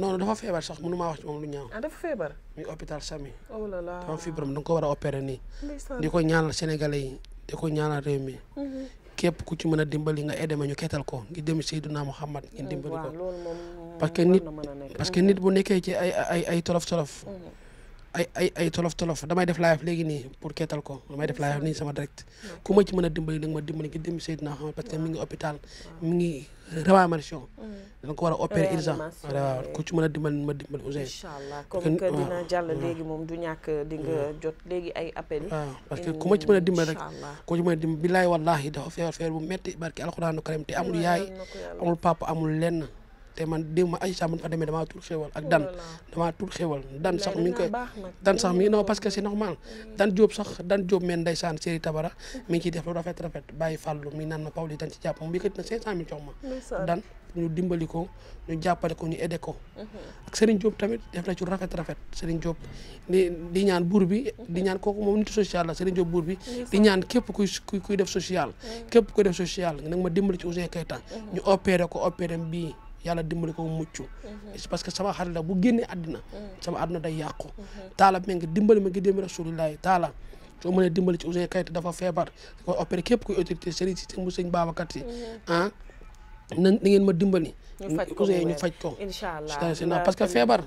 noonu dafa feebar sax mënu maa wax ci moom lu ñaaw. ah dafa feebar. muy hôpital Samy. oh là là dafa fibrome da nga ko war a opérer nii. di ko ñaanal sénégalais yi di ko ñaanal réew mi. Mhm. képp ku ci mën a dimbali nga aidé ma ñu ketal ko ngir dem Seydina Muhammad ngeen oh, dimbali ko. parce que nit parce que nit bu nekkee ci ay ay ay tolof tolof. Mhm. ay ay ay tolof tolof damay def live léegi nii pour keetal ko may def live nii sama direct ku ma ci mën a dimbali nag ma dimbali ngi dem Seydina xam parce que mi ngi hôpital mi ngi mm. ku mën a dimbali ma dimbali Ousseyn inchallah comme que dina jàll léegi moom ñàkk di léegi ay appel waaw que ku ma ci mën a dimbali rek ku ci mën a dimbali billaay wallahi dafa feebar feebar bu metti barki alxuraanu karim te amul yaay amul papa amul lenn te man déw ma Aïcha man fa demee damaa tuur dan oh damaa tuur xéwal dan sax mi ngi koy dan sax mi non mm. mi ngi ciy def lu rafet rafet bàyyi fàllu mi naan ma Pawlish dan ci jàpp moom yëkkati na cinq cent dimbali ko ñu jàppale ko ñu aidé ko mm-hmm. ak Serigne tamit def na ci rafet rafet Serigne Diop di di ñaan buur bi di ñaan kooku moom nit social la Serigne Diop buur bi di ñaan képp kuy kuy def social mm. képp kuy def social nag ma dimbali ci Ouzin Keita mm-hmm. ñu opéré ko opéré bii yàlla dimbali ko mucc mhm. parce que sama xarit la bu génnee àddina mhm. sama àdduna day yàqu mhm. taala meng dimbali ma ngi dem rasulillahi taala soo mënee dimbali ci Ouzin Keita dafa feebar ko opéré ko kuy autorité sëriñ si ti bu sëñ Babacar Si ah na ngeen ma dimbali Ouzin ñu faj ko incha allah parce que feebar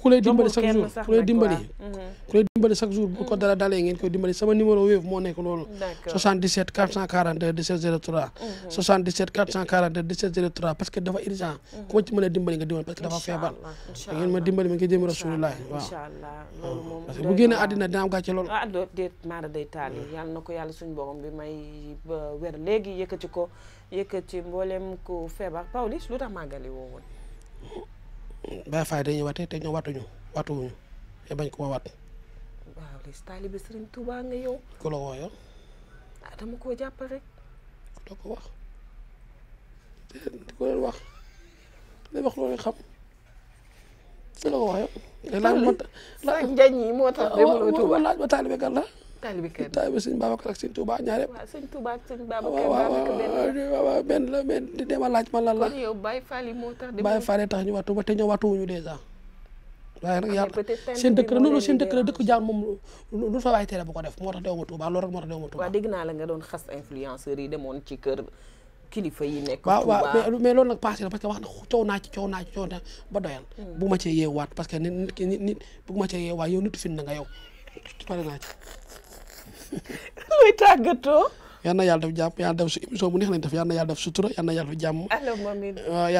ku lay dimbali chaque jour ku mhm. lay dimbali chaque jour bu ko mhm. dara dalee ngeen koy dimbali sama numéro Wave moo nekk loolu 77 442 17 03 77 442 17 03 parce que dafa urgent mhm. ku ma ci mën a dimbali nga dimbali parce que dafa feebar ngeen ma dimbali ma ngi jëm rasulullah waaw parce que bu génne àddina dina am loolu ah doo day taal yi mm. yàlla na ko yàlla suñu borom bi may wér léegi ko yëkkati mboolem ku feebar Pawlish lu tax màggali woo woon Baay Faal dañuy wate te ñoo watuñu watuwuñu te bañ ko wat. waaw les taalibe Sëriñ Tuubaa nga yow. ku la woo yow. ah dama koo jàpp rek. ku la ko wax ku leen wax ku leen loolu xam. ku la wax yow. laaj ma laaj njañ moo tax. demuloo Tuubaa laaj ma taalibe gan la. taalibe kër taalibe sëñ Babacar ak sëñ Touba ñaare. waaw sëñ Touba ak sëñ Babacar waaw benn la benn di dem a laaj ma lan la. kon yow Baye Fall yi moo tax. Baye Fall yi tax ñu watu ba te ñoo watu wuñu dèjà. waaye nag ah, yàlla seen dëkk la noonu seen dëkk la dëkk jaan moom lu fa waay tere bu ko def moo tax dew ma Touba loolu rek moo tax dew ma Touba. waaw dégg naa la nga doon xas influenceurs yi demoon ci kër kilifa yi nekk Touba waaw waaw mais loolu nag passé na parce que wax na coow naa ci coow naa ci coow naa ba doyal. Hmm. bu ma cee yeewaat parce que nit nit nit bu ma cee yeewaat yow nit fin na nga yow pare naa ci. luy tàggatoo. yal na yàlla def jàmm yàlla def su émission bu neex lañ def yal na yàlla def sutura moom it.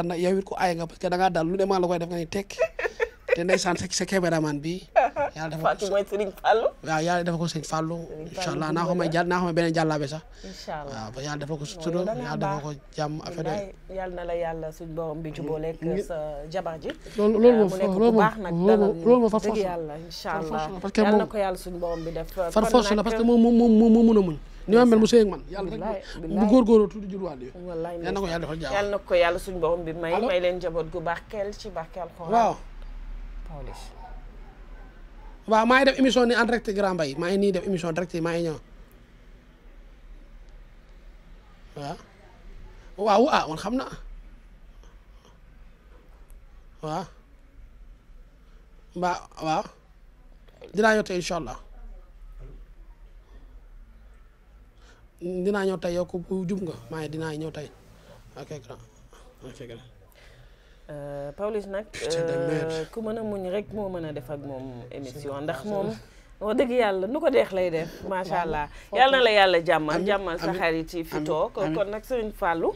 na yow ko aay parce que da daal lu ne maa la def nga ni tekk te ndeysaan sa caméraman bi yàlla dafa ko mooy Serigne Fallou ko sëñ Fallou incha allah naa ko may jàll naa ko may sax incha allah waaw ba yàlla dafa ko sutura yàlla dafa ko na la yàlla suñ borom bi jubóoleeg sa jabar ji loolu loolu moom loolu moom loolu yàlla incha allah parce que na ko yàlla suñ bi def a muñ ni ma mel mu sëy man yàlla rek bu góorgóorloo tuuti jur waat yàlla na ko yàlla defal jàmm yàlla na ko yàlla suñ borom bi may may leen njaboot gu barkeel ci barkeel xool waaw Pawlish waaw maa ngi def émission ni en direct Grand Mbaye maa ngi nii def émission direct maa ngi ñëw waaw waaw ah man xam na waaw mbaa waaw dinaa ñëw tey incha allah dinaa ñëw tey yow ku jub nga maa ngi dinaa ñëw tey ok grand ok grand Euh, Pawlish nag euh, ku mën a muñ rek moo mën a def ak moom émission ndax moom wax dëgg yàlla nu ko deex lay def macha allah yàlla na la yàlla jàmmal jàmmal sa xarit yi fi toog kon nag Serigne Fallou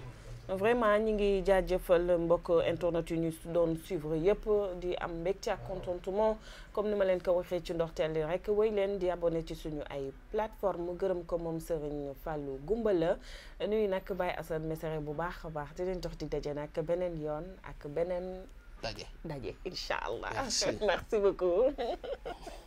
vraiment ñi ngi jaajëfal mbokk internet yu ñu doon suivre yëpp di am mbégte ak contentement comme ni ma leen ko waxee ci ndorteel li rek wéy leen di abonné ci suñu ay plateforme gërëm ko moom Serigne Fallou Gumba la nuyu nag Baye Assane Mesere bu baax a baax di leen jox di daje nag beneen yoon ak beneen daje daje allah merci beaucoup